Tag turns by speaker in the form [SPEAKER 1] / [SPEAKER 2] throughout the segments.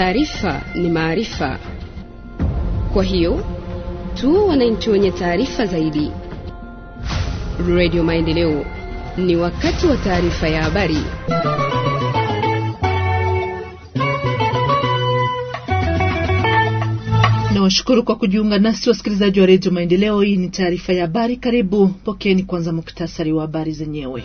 [SPEAKER 1] Taarifa ni maarifa, kwa hiyo tuwe wananchi wenye taarifa zaidi. Radio Maendeleo, ni wakati wa taarifa ya habari.
[SPEAKER 2] Nawashukuru kwa kujiunga nasi wasikilizaji wa redio Maendeleo. Hii ni taarifa ya habari, karibu. Pokeeni kwanza muktasari wa habari zenyewe.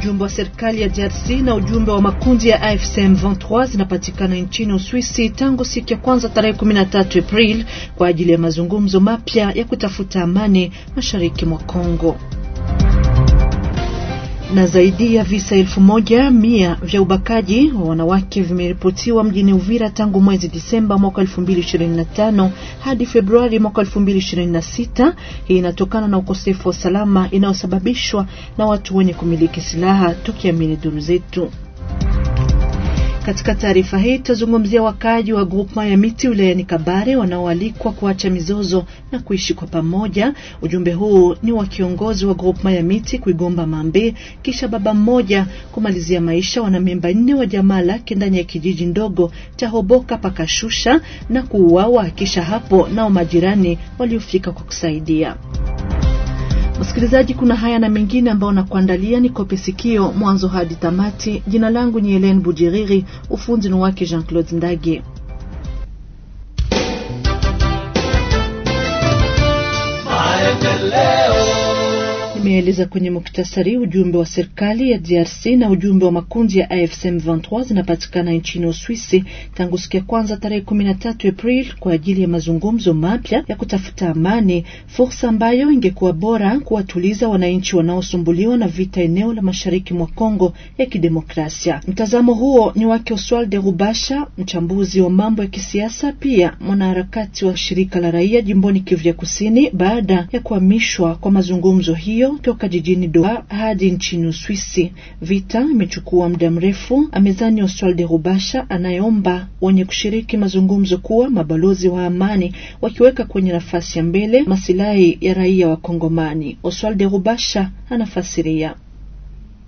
[SPEAKER 2] ujumbe wa serikali ya DRC na ujumbe wa makundi ya AFC M23 zinapatikana nchini Uswisi tangu siku ya kwanza tarehe 13 Aprili kwa ajili ya mazungumzo mapya ya kutafuta amani mashariki mwa Kongo. Na zaidi ya visa elfu moja mia vya ubakaji wa wanawake vimeripotiwa mjini Uvira tangu mwezi Disemba mwaka 2025 hadi Februari mwaka 2026. Hii inatokana na ukosefu wa usalama inayosababishwa na watu wenye kumiliki silaha, tukiamini duru zetu. Katika taarifa hii tutazungumzia wakaaji wa grupma ya miti wilayani Kabare wanaoalikwa kuacha mizozo na kuishi kwa pamoja. Ujumbe huu ni wa kiongozi wa grupma ya miti Kuigomba Mambe, kisha baba mmoja kumalizia maisha wanamemba nne wa jamaa lake ndani ya kijiji ndogo cha Hoboka Pakashusha na kuuawa, kisha hapo nao majirani waliofika kwa kusaidia Msikilizaji, kuna haya na mengine ambayo nakuandalia, ni kope sikio mwanzo hadi tamati. Jina langu ni Helen Bujiriri, ufunzi ni wake Jean Claude Ndage. ameeleza kwenye muktasari ujumbe wa serikali ya DRC na ujumbe wa makundi ya afsm 23 zinapatikana nchini Uswisi tangu siku ya kwanza tarehe 13 april kwa ajili ya mazungumzo mapya ya kutafuta amani, fursa ambayo ingekuwa bora kuwatuliza wananchi wanaosumbuliwa na vita eneo la mashariki mwa Kongo ya Kidemokrasia. Mtazamo huo ni wake Oswald de Rubasha, mchambuzi wa mambo ya kisiasa, pia mwanaharakati wa shirika la raia jimboni Kivu ya Kusini, baada ya kuhamishwa kwa mazungumzo hiyo toka jijini Doha hadi nchini Uswisi. Vita imechukua muda mrefu, amezani Oswald Rubasha, anayeomba wenye kushiriki mazungumzo kuwa mabalozi wa amani, wakiweka kwenye nafasi ya mbele masilahi ya raia wa Kongomani. Oswald Rubasha anafasiria.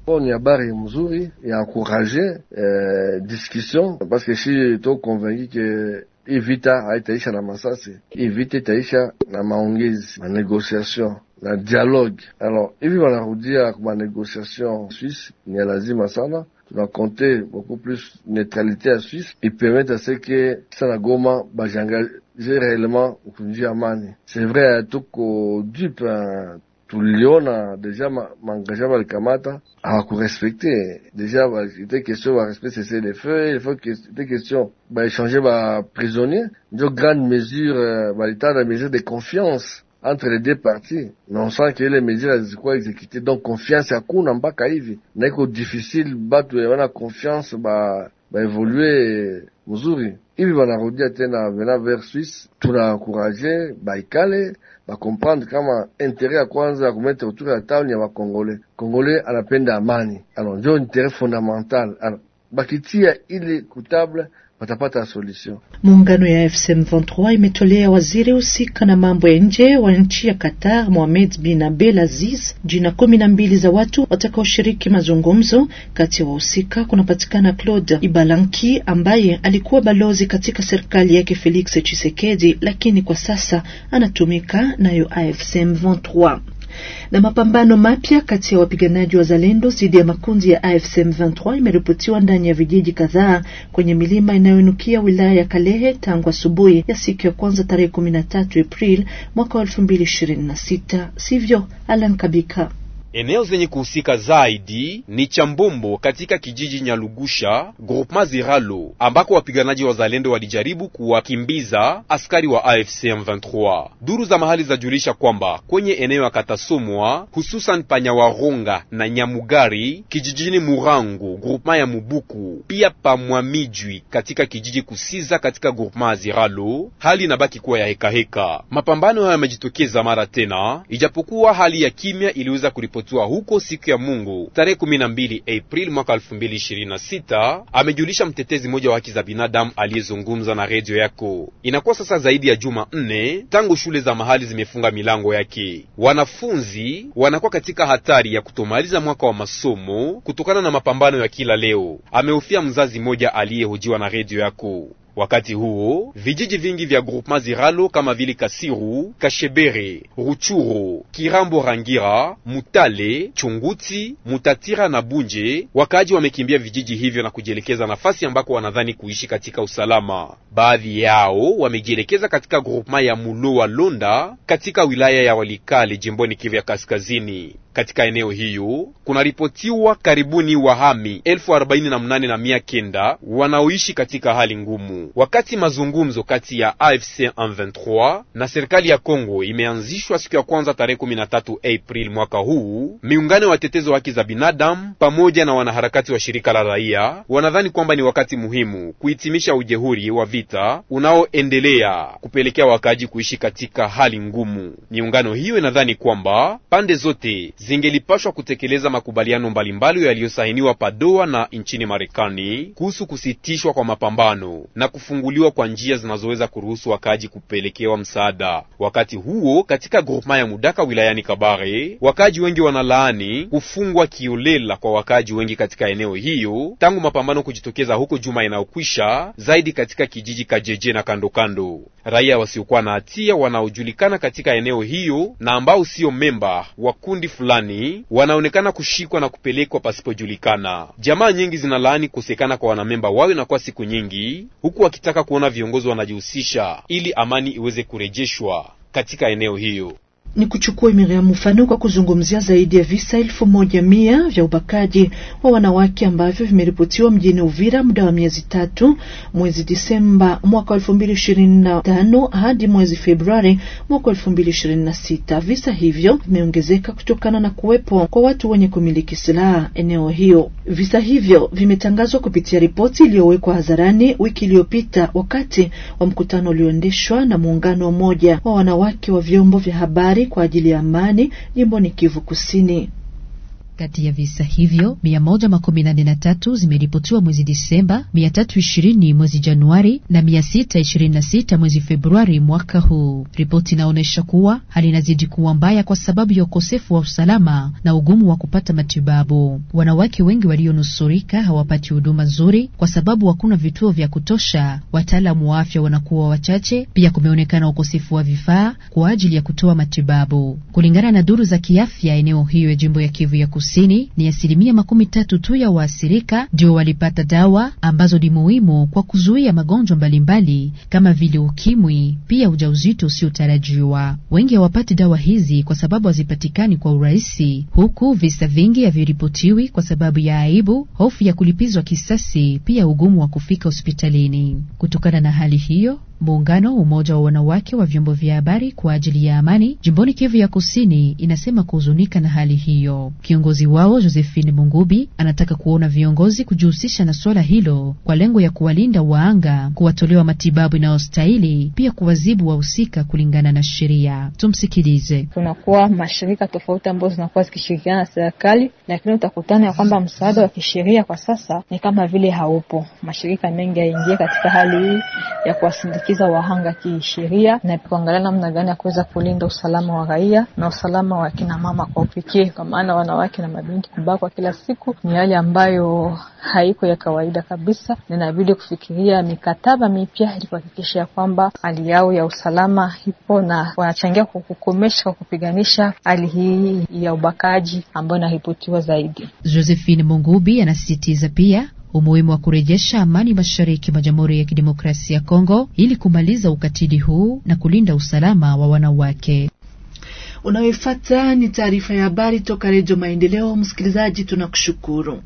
[SPEAKER 3] O ni habari mzuri ya kuraje eh, discussion paske shi to konvengi ke ivita haitaisha na masasi, ivita itaisha na maongezi na la dialogue. Alors, hivi wanarudia ma négociation Suisse, ni ya lazima sana. compter beaucoup plus neutralité à Suisse et permettre à ce que sana Goma s'engager réellement ukunjia mani. C'est vrai hein, tout ko dupe tuliona deja il y déjà deja questions question respect, c'est le feu prisonniers. De grandes mesures, une grande mesure euh, bah, la mesure de confiance entre les deux parties les médias mesures quoi exécuter. donc confiance hakuna pas hivi, na est difficile batu eh, wana confiance ba confiance bah, va évoluer. Eh, banarudia tena venant vers Suisse. tout encouragé, Tunakuraje bah, baikale comprendre intérêt à quoi kwanza se mettre autour de la table congolais. Congolais à la peine d'Amani. alors j'ai un intérêt fondamental bakitia ile kutabla watapata solution.
[SPEAKER 2] Muungano ya FCM23 imetolea waziri husika na mambo ya nje wa nchi ya Qatar Mohamed bin Abdel Aziz jina kumi na mbili za watu watakaoshiriki mazungumzo. Kati ya wahusika kunapatikana Claude Ibalanki ambaye alikuwa balozi katika serikali yake Felix Tshisekedi, lakini kwa sasa anatumika nayo AFCM23. Na mapambano mapya kati ya wapiganaji wa Zalendo dhidi ya makundi ya AFC M23 imeripotiwa ndani ya vijiji kadhaa kwenye milima inayoinukia wilaya ya Kalehe tangu asubuhi ya siku ya kwanza tarehe 13 Aprili mwaka 2026, sivyo? Alan Kabika
[SPEAKER 4] Eneo zenye kuhusika zaidi ni Chambombo katika kijiji Nyalugusha groupement Ziralo, ambako wapiganaji wazalendo walijaribu kuwakimbiza askari wa AFC M23. Duru za mahali zajulisha kwamba kwenye eneo ya Katasomwa, hususan Panyawaronga na Nyamugari kijijini Murangu groupement ya Mubuku, pia Pamwamijwi katika kijiji Kusiza katika groupement ya Ziralo, hali inabaki kuwa ya hekaheka Mapambano hayo yamejitokeza mara tena, ijapokuwa hali ya kimya iliweza kuripoti alipotua huko siku ya Mungu tarehe 12 April mwaka 2026, amejulisha mtetezi mmoja wa haki za binadamu aliyezungumza na redio yako. Inakuwa sasa zaidi ya juma nne tangu shule za mahali zimefunga milango yake. Wanafunzi wanakuwa katika hatari ya kutomaliza mwaka wa masomo kutokana na mapambano ya kila leo, amehofia mzazi mmoja aliyehojiwa na redio yako. Wakati huo vijiji vingi vya groupement Ziralo kama vile Kasiru, Kashebere, Ruchuru, Kirambo, Rangira, Mutale, Chunguti, Mutatira na Bunje, wakaaji wamekimbia vijiji hivyo na kujielekeza nafasi ambako wanadhani kuishi katika usalama. Baadhi yao wamejielekeza katika groupement ya Mulo wa Londa katika wilaya ya Walikale jimboni Kivu ya Kaskazini katika eneo hiyo kunaripotiwa karibuni wahami elfu arobaini na mnane na mia kenda wanaoishi katika hali ngumu. Wakati mazungumzo kati ya AFC M23 na serikali ya Kongo imeanzishwa siku ya kwanza tarehe 13 April mwaka huu, miungano ya watetezi wa haki za binadamu pamoja na wanaharakati wa shirika la raia wanadhani kwamba ni wakati muhimu kuhitimisha ujehuri wa vita unaoendelea kupelekea wakaaji kuishi katika hali ngumu. Miungano hiyo inadhani kwamba pande zote zingelipashwa kutekeleza makubaliano mbalimbali yaliyosainiwa Padoa na nchini Marekani kuhusu kusitishwa kwa mapambano na kufunguliwa kwa njia zinazoweza kuruhusu wakaaji kupelekewa msaada. Wakati huo katika groupema ya Mudaka wilayani Kabare, wakaaji wengi wanalaani kufungwa kiolela kwa wakaaji wengi katika eneo hiyo tangu mapambano kujitokeza huko juma inayokwisha, zaidi katika kijiji Kajeje na kandokando. Raia wasiokuwa na hatia wanaojulikana katika eneo hiyo na ambao sio memba wa kundi fulani fulani wanaonekana kushikwa na kupelekwa pasipojulikana. Jamaa nyingi zinalaani kukosekana kwa wanamemba wawe na kwa siku nyingi, huku wakitaka kuona viongozi wanajihusisha ili amani iweze kurejeshwa katika eneo hiyo
[SPEAKER 2] ni kuchukua Miriam mfano kwa kuzungumzia zaidi ya visa elfu moja mia vya ubakaji wa wanawake ambavyo vimeripotiwa mjini Uvira muda wa miezi tatu mwezi Disemba mwaka elfu mbili ishirini na tano hadi mwezi Februari mwaka elfu mbili ishirini na sita. Visa hivyo vimeongezeka kutokana na kuwepo kwa watu wenye kumiliki silaha eneo hiyo. Visa hivyo vimetangazwa kupitia ripoti iliyowekwa hadharani wiki iliyopita wakati wa mkutano ulioendeshwa na muungano mmoja wa wanawake wa vyombo vya habari kwa ajili ya amani jimboni Kivu Kusini.
[SPEAKER 1] Kati ya visa hivyo 183 zimeripotiwa mwezi Disemba, 320 mwezi Januari na 626 mwezi Februari mwaka huu. Ripoti inaonyesha kuwa hali inazidi kuwa mbaya kwa sababu ya ukosefu wa usalama na ugumu wa kupata matibabu. Wanawake wengi walionusurika hawapati huduma nzuri kwa sababu hakuna vituo vya kutosha, wataalamu wa afya wanakuwa wachache. Pia kumeonekana ukosefu wa vifaa kwa ajili ya kutoa matibabu, kulingana na duru za kiafya eneo hiyo ya jimbo ya Kivu ya Kusini. Kusini ni asilimia makumi tatu tu ya waasirika ndio walipata dawa ambazo ni muhimu kwa kuzuia magonjwa mbalimbali kama vile ukimwi, pia ujauzito usiotarajiwa. Wengi hawapati dawa hizi kwa sababu hazipatikani kwa urahisi, huku visa vingi haviripotiwi kwa sababu ya aibu, hofu ya kulipizwa kisasi, pia ugumu wa kufika hospitalini. Kutokana na hali hiyo Muungano umoja wa wanawake wa vyombo vya habari kwa ajili ya amani jimboni Kivu ya Kusini inasema kuhuzunika na hali hiyo. Kiongozi wao Josephine Mungubi anataka kuona viongozi kujihusisha na swala hilo kwa lengo ya kuwalinda waanga, kuwatolewa matibabu inayostahili, pia kuwazibu wahusika kulingana na sheria. Tumsikilize. kunakuwa mashirika tofauti ambazo zinakuwa zikishirikiana na serikali, lakini utakutana ya kwamba msaada wa kisheria kwa sasa ni kama vile haupo. Mashirika mengi yaingia katika hali hii ya kuwasindikiza wahanga kisheria na kuangalia namna gani ya kuweza kulinda usalama wa raia na usalama wa kina mama
[SPEAKER 2] kwa upekee, kwa maana wanawake na mabinti kubakwa kila siku ni hali ambayo haiko ya
[SPEAKER 1] kawaida kabisa, na inabidi kufikiria mikataba mipya ili kuhakikisha ya kwamba hali yao ya usalama ipo na wanachangia kwa kukomesha, kwa kupiganisha hali hii ya ubakaji ambayo inaripotiwa zaidi. Josephine Mungubi anasisitiza pia umuhimu wa kurejesha amani mashariki mwa Jamhuri ya Kidemokrasia ya Kongo ili kumaliza ukatili huu na kulinda usalama wa wanawake.
[SPEAKER 2] Unaoifata ni taarifa ya habari toka Redio Maendeleo. Msikilizaji, tunakushukuru.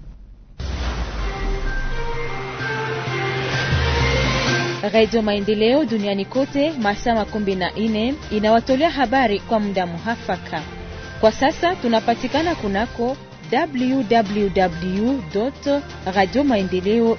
[SPEAKER 1] Redio Maendeleo duniani kote masaa makumi na nne inawatolea habari kwa muda muhafaka. Kwa sasa tunapatikana kunako www radio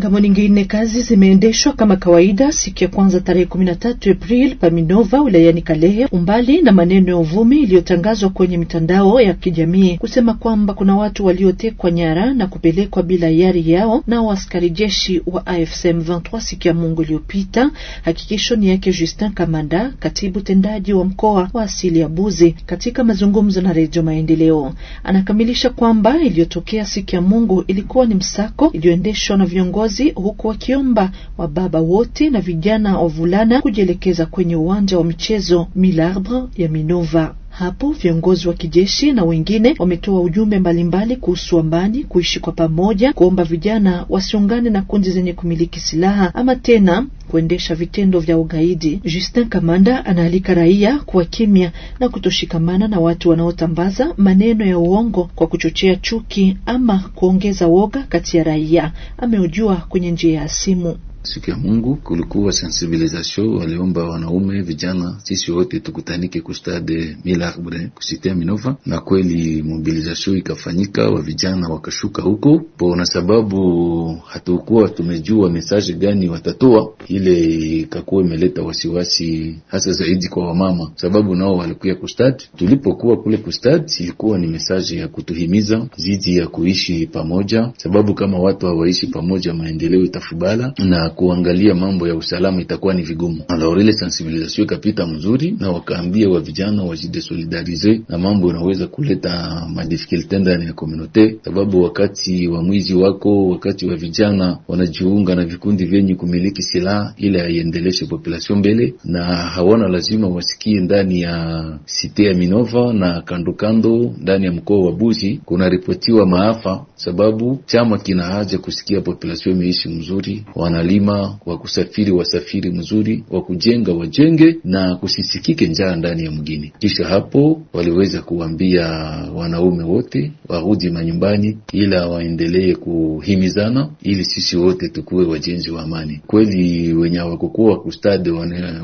[SPEAKER 2] Ngambo nyingine kazi zimeendeshwa kama kawaida siku ya kwanza tarehe 13 Aprili paminova wilayani Kalehe, umbali na maneno ya uvumi iliyotangazwa kwenye mitandao ya kijamii kusema kwamba kuna watu waliotekwa nyara na kupelekwa bila yari yao nao askari jeshi wa AFC M23 siku ya Mungu iliyopita. Hakikisho ni yake Justin Kamanda, katibu tendaji wa mkoa wa asili ya Buzi, katika mazungumzo na Redio Maendeleo, anakamilisha kwamba iliyotokea siku ya Mungu ilikuwa ni msako iliyoendeshwa na viongozi wazi, huku wakiomba wababa wote na vijana wavulana kujielekeza kwenye uwanja wa michezo Milardre ya Minova. Hapo viongozi wa kijeshi na wengine wametoa ujumbe mbalimbali kuhusu amani, kuishi kwa pamoja, kuomba vijana wasiungane na kundi zenye kumiliki silaha ama tena kuendesha vitendo vya ugaidi. Justin Kamanda anaalika raia kuwa kimya na kutoshikamana na watu wanaotambaza maneno ya uongo kwa kuchochea chuki ama kuongeza woga kati ya raia. Ameujua kwenye njia ya simu
[SPEAKER 5] siku ya Mungu kulikuwa sensibilisation, waliomba wanaume vijana, sisi wote tukutanike kustade Millarbre kusitia Minova, na kweli mobilization ikafanyika, wa vijana wakashuka huko na sababu hatukuwa tumejua message gani watatoa. Ile ikakuwa imeleta wasiwasi, hasa zaidi kwa wamama, sababu nao walikuya kustad. Tulipokuwa kule kustad, ilikuwa ni message ya kutuhimiza zidi ya kuishi pamoja, sababu kama watu hawaishi pamoja, maendeleo itafubala na kuangalia mambo ya usalama itakuwa ni vigumu. Alors ile sensibilisation ikapita mzuri, na wakaambia wa vijana wajidesolidarize na mambo inaweza kuleta madifikulte ndani ya komunote, sababu wakati wa mwizi wako, wakati wa vijana wanajiunga na vikundi vyenye kumiliki silaha, ili haiendeleshe population mbele, na hawana lazima wasikie ndani ya site ya Minova na kandokando ndani ya mkoa wa Buzi kunaripotiwa maafa, sababu chama kina haja kusikia population imeishi mzuri wanali daima, wa kusafiri wasafiri, mzuri wa kujenga wajenge, na kusisikike njaa ndani ya mgini. Kisha hapo waliweza kuambia wanaume wote warudi manyumbani, ila waendelee kuhimizana ili sisi wote tukuwe wajenzi wa amani. Kweli wenye hawakukuwa kustadi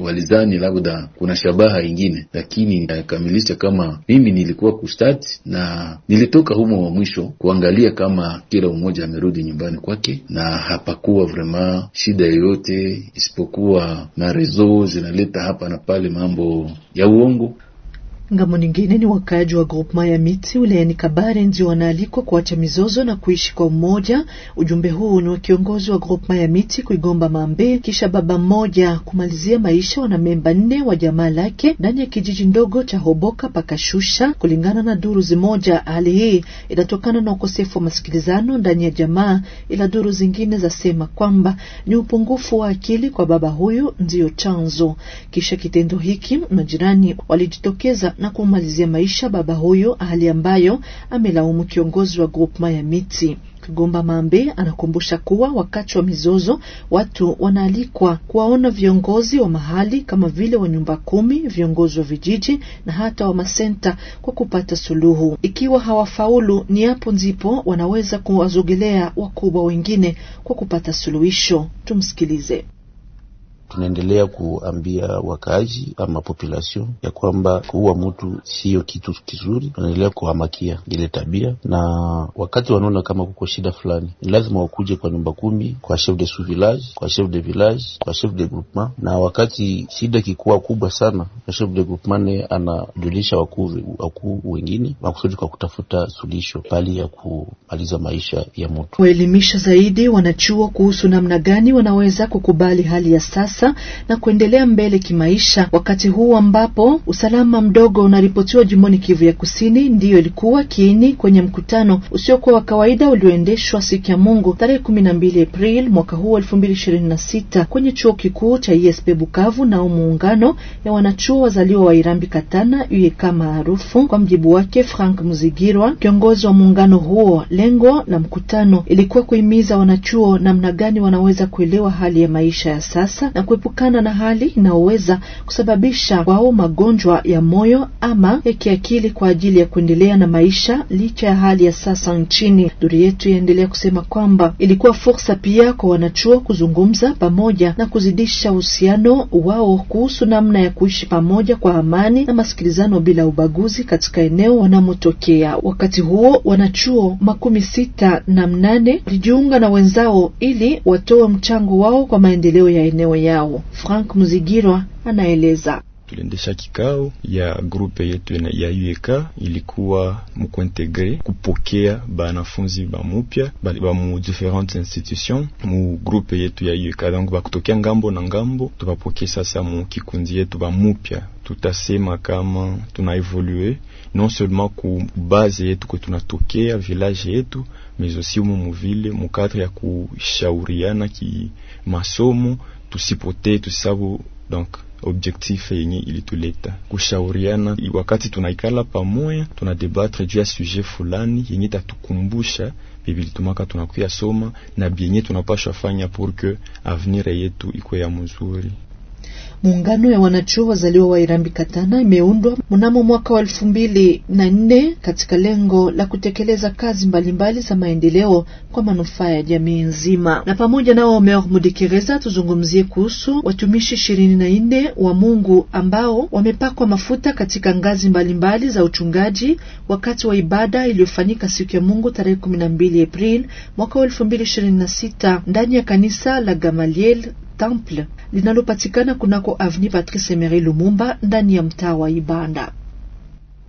[SPEAKER 5] walizani labda kuna shabaha ingine, lakini nakamilisha kama mimi nilikuwa kustadi na nilitoka humo wa mwisho kuangalia kama kila mmoja amerudi nyumbani kwake, na hapakuwa vrema shida yoyote isipokuwa na zinaleta hapa na pale mambo ya uongo
[SPEAKER 2] Ngamo nyingine ni wakaaji wa groupement ya miti wilayani Kabare ndio wanaalikwa kuacha mizozo na kuishi kwa umoja. Ujumbe huu ni wa kiongozi wa groupement ya miti kuigomba mambe, kisha baba mmoja kumalizia maisha wanamemba nne wa jamaa lake ndani ya kijiji ndogo cha Hoboka pakashusha. Kulingana na duru zimoja, hali hii inatokana na ukosefu wa masikilizano ndani ya jamaa, ila duru zingine zasema kwamba ni upungufu wa akili kwa baba huyu ndiyo chanzo. Kisha kitendo hiki majirani walijitokeza na kumalizia maisha baba huyo, hali ambayo amelaumu kiongozi wa grupma ya miti kigomba Mambe anakumbusha kuwa wakati wa mizozo watu wanaalikwa kuwaona viongozi wa mahali kama vile wa nyumba kumi, viongozi wa vijiji na hata wa masenta kwa kupata suluhu. Ikiwa hawafaulu, ni hapo ndipo wanaweza kuwazogelea wakubwa wengine kwa kupata suluhisho. Tumsikilize
[SPEAKER 5] tunaendelea kuambia wakaaji ama population ya kwamba kuua mtu siyo kitu kizuri. Tunaendelea kuhamakia ile tabia, na wakati wanaona kama kuko shida fulani, ni lazima wakuje kwa nyumba kumi, kwa chef de sous village, kwa chef de village, kwa chef de groupement. Na wakati shida kikuwa kubwa sana, na chef de groupement naye anajulisha wakuu wengine makusudi kwa kutafuta suluhisho pali ya kumaliza maisha ya mtu.
[SPEAKER 2] Waelimisha zaidi wanachuo kuhusu namna gani wanaweza kukubali hali ya sasa pesa na kuendelea mbele kimaisha, wakati huu ambapo usalama mdogo unaripotiwa jumoni Kivu ya Kusini. Ndiyo ilikuwa kiini kwenye mkutano usiokuwa wa kawaida ulioendeshwa siku ya Mungu tarehe kumi na mbili Aprili mwaka huu elfu mbili ishirini na sita kwenye chuo kikuu cha ISP Bukavu, nao muungano ya wanachuo wazaliwa wa Irambi Katana uyeka maarufu kwa mjibu wake Frank Muzigirwa, kiongozi wa muungano huo. Lengo la mkutano ilikuwa kuhimiza wanachuo namna gani wanaweza kuelewa hali ya maisha ya sasa na kuepukana na hali inayoweza kusababisha kwao magonjwa ya moyo ama ya kiakili kwa ajili ya kuendelea na maisha licha ya hali ya sasa nchini. Duri yetu yaendelea kusema kwamba ilikuwa fursa pia kwa wanachuo kuzungumza pamoja na kuzidisha uhusiano wao kuhusu namna ya kuishi pamoja kwa amani na masikilizano bila ubaguzi katika eneo wanamotokea. Wakati huo wanachuo makumi sita na mnane walijiunga na wenzao ili watoe mchango wao kwa maendeleo ya eneo yao yao. Frank Muzigirwa anaeleza.
[SPEAKER 6] Tuliendesha kikao
[SPEAKER 4] ya grupe yetu ya UEK, ilikuwa mukuintegre kupokea banafunzi bamupya ba mu different institution mu grupe yetu ya UEK, donc bakutokea ngambo na ngambo, tubapokea sasa mu kikundi yetu bamupya. Tutasema kama tuna evolue non seulement ku base yetu ko tunatokea village yetu, mais aussi mu muvile mu cadre ya kushauriana ki masomo, tusipotee, tusabu donc objectif yenye ilituleta kushauriana, wakati tunaikala pamoya, tunadebatre juu ya sujet fulani yenye tatukumbusha bibilitumaka tunakuya soma na bienye tunapashwa fanya pour que avenir yetu ikwe ya mzuri.
[SPEAKER 2] Muungano ya wanachuo wazaliwa wa Irambi Katana imeundwa mnamo mwaka wa elfu mbili na nne katika lengo la kutekeleza kazi mbalimbali za maendeleo kwa manufaa ya jamii nzima. Na pamoja nao Omer Mudikereza, tuzungumzie kuhusu watumishi ishirini na nne wa Mungu ambao wamepakwa mafuta katika ngazi mbalimbali mbali za uchungaji wakati wa ibada iliyofanyika siku ya Mungu tarehe kumi na mbili Aprili mwaka sita ndani ya kanisa la Gamaliel Temple linalopatikana kunako Avenue Patrice Emery Lumumba ndani ya mtaa wa Ibanda.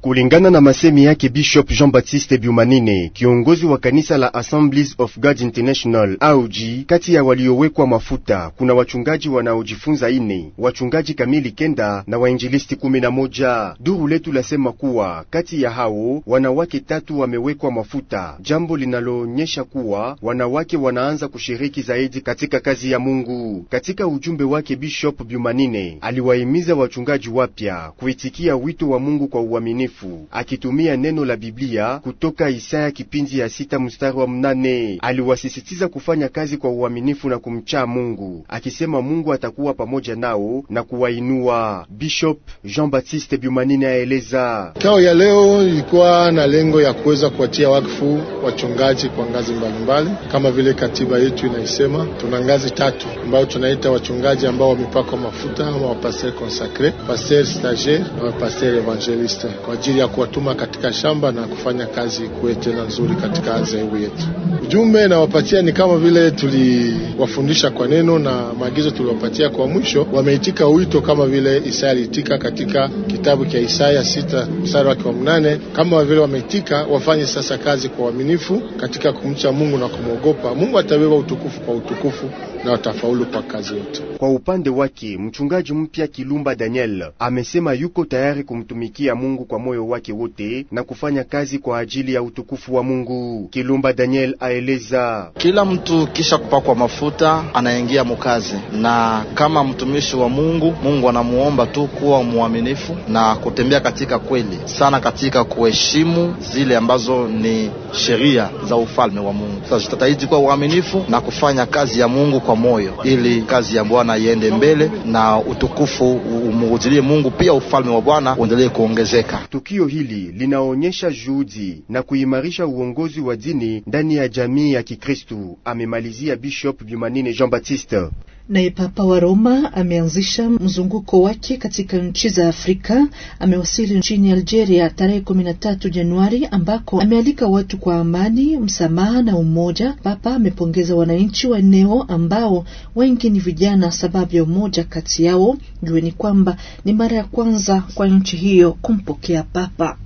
[SPEAKER 6] Kulingana na masemi yake Bishop Jean-Baptiste Biumanine, kiongozi wa kanisa la Assemblies of God International auji, kati ya waliowekwa mafuta kuna wachungaji wanaojifunza ine, wachungaji kamili kenda na wainjilisti kumi na moja. Duru letu lasema kuwa kati ya hao wanawake tatu wamewekwa mafuta, jambo linaloonyesha kuwa wanawake wanaanza kushiriki zaidi katika kazi ya Mungu. Katika ujumbe wake, Bishop Biumanine aliwahimiza wachungaji wapya kuitikia wito wa Mungu kwa uaminifu mtakatifu, akitumia neno la Biblia kutoka Isaya kipindi ya sita mstari wa mnane. Aliwasisitiza kufanya kazi kwa uaminifu na kumcha Mungu, akisema Mungu atakuwa pamoja nao na kuwainua. Bishop Jean Baptiste Biumanini aeleza kao ya leo ilikuwa na lengo ya kuweza kuwatia wakfu wachungaji kwa ngazi mbalimbali mbali. Kama vile katiba yetu inaisema tuna ngazi tatu ambayo tunaita wachungaji ambao wamepakwa mafuta ama wapasteur consacre, pasteur stagiaire na wapasteur evangeliste kwa ajili ya kuwatuma katika shamba na kufanya kazi kuwe tena nzuri katika zaebu yetu. Ujumbe nawapatia ni kama vile tuliwafundisha kwa neno na maagizo tuliwapatia kwa mwisho, wameitika wito kama vile Isaya aliitika katika kitabu cha Isaya sita mstari wake wa mnane. Kama vile wameitika, wafanye sasa kazi kwa uaminifu katika kumcha Mungu na kumwogopa Mungu. Atabeba utukufu kwa utukufu na watafaulu kwa kazi yote. Kwa upande wake mchungaji mpya Kilumba Daniel amesema yuko tayari kumtumikia Mungu kwa moyo wake wote na kufanya kazi kwa ajili ya utukufu wa Mungu. Kilumba Daniel aeleza, kila mtu kisha kupakwa mafuta anaingia mukazi, na kama mtumishi wa Mungu, Mungu anamuomba tu kuwa mwaminifu na kutembea katika kweli sana, katika kuheshimu zile ambazo ni sheria za ufalme wa Mungu. Sasa tutahitaji kuwa waaminifu na kufanya kazi ya Mungu kwa moyo, ili kazi ya Bwana iende mbele na utukufu umuujilie Mungu, pia ufalme wa Bwana uendelee kuongezeka. Tukio hili linaonyesha juhudi na kuimarisha uongozi wa dini ndani ya jamii ya Kikristu, amemalizia Bishop Jumanine Jean Baptiste.
[SPEAKER 2] Naye Papa wa Roma ameanzisha mzunguko wake katika nchi za Afrika. Amewasili nchini Algeria tarehe kumi na tatu Januari, ambako amealika watu kwa amani, msamaha na umoja. Papa amepongeza wananchi wa eneo ambao wengi ni vijana, sababu ya umoja kati yao. jue ni kwamba ni mara ya kwanza kwa nchi hiyo
[SPEAKER 1] kumpokea Papa.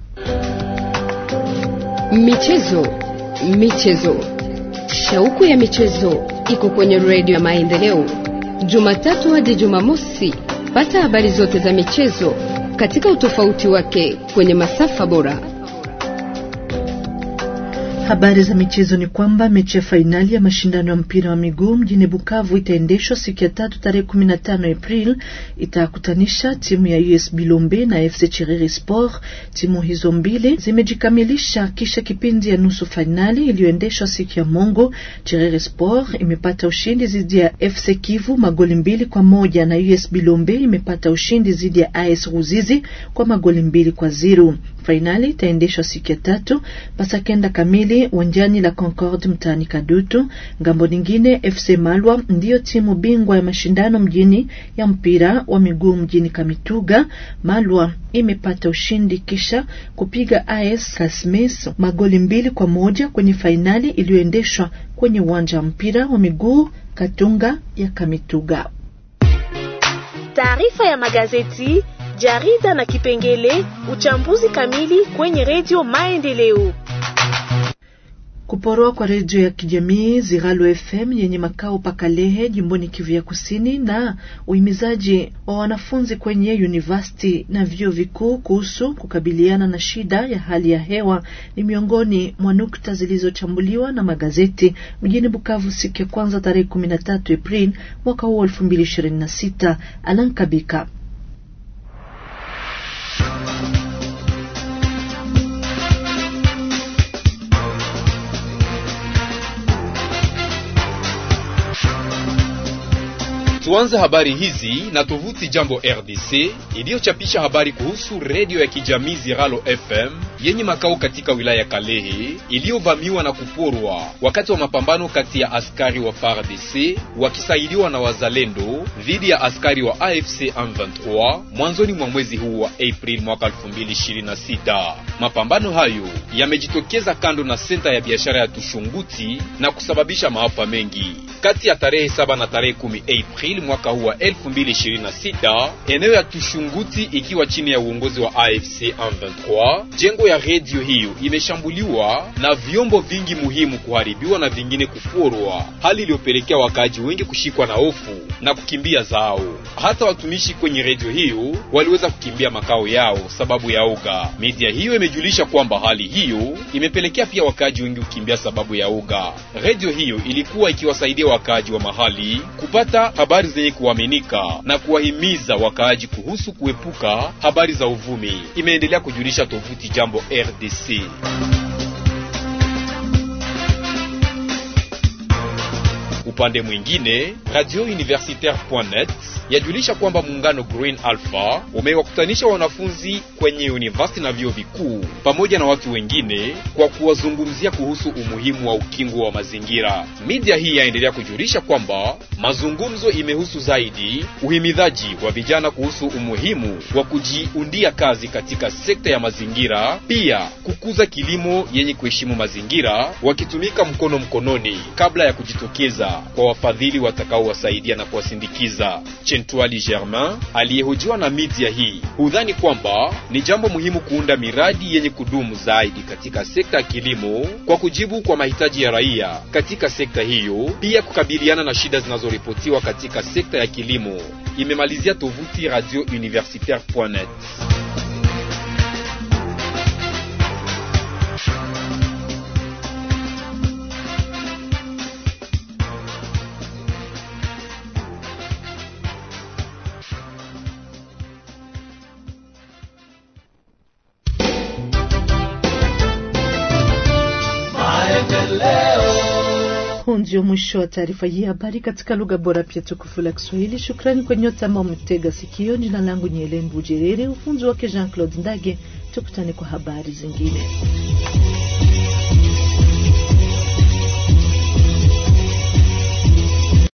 [SPEAKER 1] Michezo, michezo, shauku ya michezo iko kwenye redio ya Maendeleo. Jumatatu hadi Jumamosi, pata habari zote za michezo katika utofauti wake kwenye masafa bora.
[SPEAKER 2] Habari za michezo ni kwamba mechi ya fainali ya mashindano ya mpira wa miguu mjini Bukavu itaendeshwa siku ya tatu tarehe 15 April. Itakutanisha timu ya US Bilombe na FC Chiriri Sport. Timu hizo mbili zimejikamilisha kisha kipindi ya nusu fainali iliyoendeshwa siku ya Mongo. Chiriri Sport imepata ushindi dhidi ya FC Kivu magoli mbili kwa moja na US Bilombe imepata ushindi dhidi ya AS Ruzizi kwa magoli mbili kwa zero. Fainali itaendeshwa siku ya tatu pasakenda kamili mbili uwanjani la Concorde mtaani Kadutu. Ngambo nyingine, FC Malwa ndiyo timu bingwa ya mashindano mjini ya mpira wa miguu mjini Kamituga. Malwa imepata ushindi kisha kupiga AS Kasmis magoli mbili kwa moja kwenye fainali iliyoendeshwa kwenye uwanja wa mpira wa miguu Katunga ya Kamituga.
[SPEAKER 6] Taarifa ya magazeti, jarida na kipengele uchambuzi kamili kwenye redio Maendeleo.
[SPEAKER 2] Kuporoa kwa redio ya kijamii Ziralo FM yenye makao Pakalehe jimboni Kivu ya Kusini na uhimizaji wa wanafunzi kwenye yunivasiti na vyuo vikuu kuhusu kukabiliana na shida ya hali ya hewa ni miongoni mwa nukta zilizochambuliwa na magazeti mjini Bukavu siku ya kwanza tarehe 13 Aprili mwaka huu 2026. Alan Kabika
[SPEAKER 4] Tuanze habari hizi na tovuti Jambo RDC iliyochapisha habari kuhusu redio ya kijamii Ziralo FM yenye makao katika wilaya ya Kalehe iliyovamiwa na kuporwa wakati wa mapambano kati ya askari wa FARDC wakisaidiwa na wazalendo dhidi ya askari wa AFC M23 mwanzoni mwa mwezi huu wa April mwaka 2026. Mapambano hayo yamejitokeza kando na senta ya biashara ya Tushunguti na kusababisha maafa mengi kati ya tarehe 7 na tarehe 10 April mwaka huu wa 2026 eneo ya Tushunguti ikiwa chini ya uongozi wa AFC M23. Jengo ya redio hiyo imeshambuliwa na vyombo vingi muhimu kuharibiwa na vingine kuforwa, hali iliyopelekea wakaaji wengi kushikwa na hofu na kukimbia zao. Hata watumishi kwenye redio hiyo waliweza kukimbia makao yao sababu ya oga. Media hiyo imejulisha kwamba hali hiyo imepelekea pia wakaaji wengi kukimbia sababu ya oga. Redio hiyo ilikuwa ikiwasaidia wakaaji wa mahali kupata habari habari zenye kuaminika na kuwahimiza wakaaji kuhusu kuepuka habari za uvumi, imeendelea kujulisha tovuti Jambo RDC. Upande mwingine, Radio Universitaire.net yajulisha kwamba muungano Green Alpha umewakutanisha wanafunzi kwenye university na vyuo vikuu pamoja na watu wengine kwa kuwazungumzia kuhusu umuhimu wa ukingo wa mazingira. Media hii yaendelea kujulisha kwamba mazungumzo imehusu zaidi uhimidhaji wa vijana kuhusu umuhimu wa kujiundia kazi katika sekta ya mazingira, pia kukuza kilimo yenye kuheshimu mazingira wakitumika mkono mkononi kabla ya kujitokeza kwa wafadhili watakaowasaidia na kuwasindikiza. Chentuali Germain aliyehojiwa na media hii hudhani kwamba ni jambo muhimu kuunda miradi yenye kudumu zaidi katika sekta ya kilimo kwa kujibu kwa mahitaji ya raia katika sekta hiyo, pia kukabiliana na shida zinazoripotiwa katika sekta ya kilimo. Imemalizia tovuti Radio Universitaire.net.
[SPEAKER 2] ndio mwisho wa taarifa hii habari katika lugha bora pia tukufu la Kiswahili. Shukrani kwa nyote ambao mtega sikio. Jina langu ni Helen Bujerere, ufunzi wake Jean Claude Ndage. Tukutane kwa habari zingine.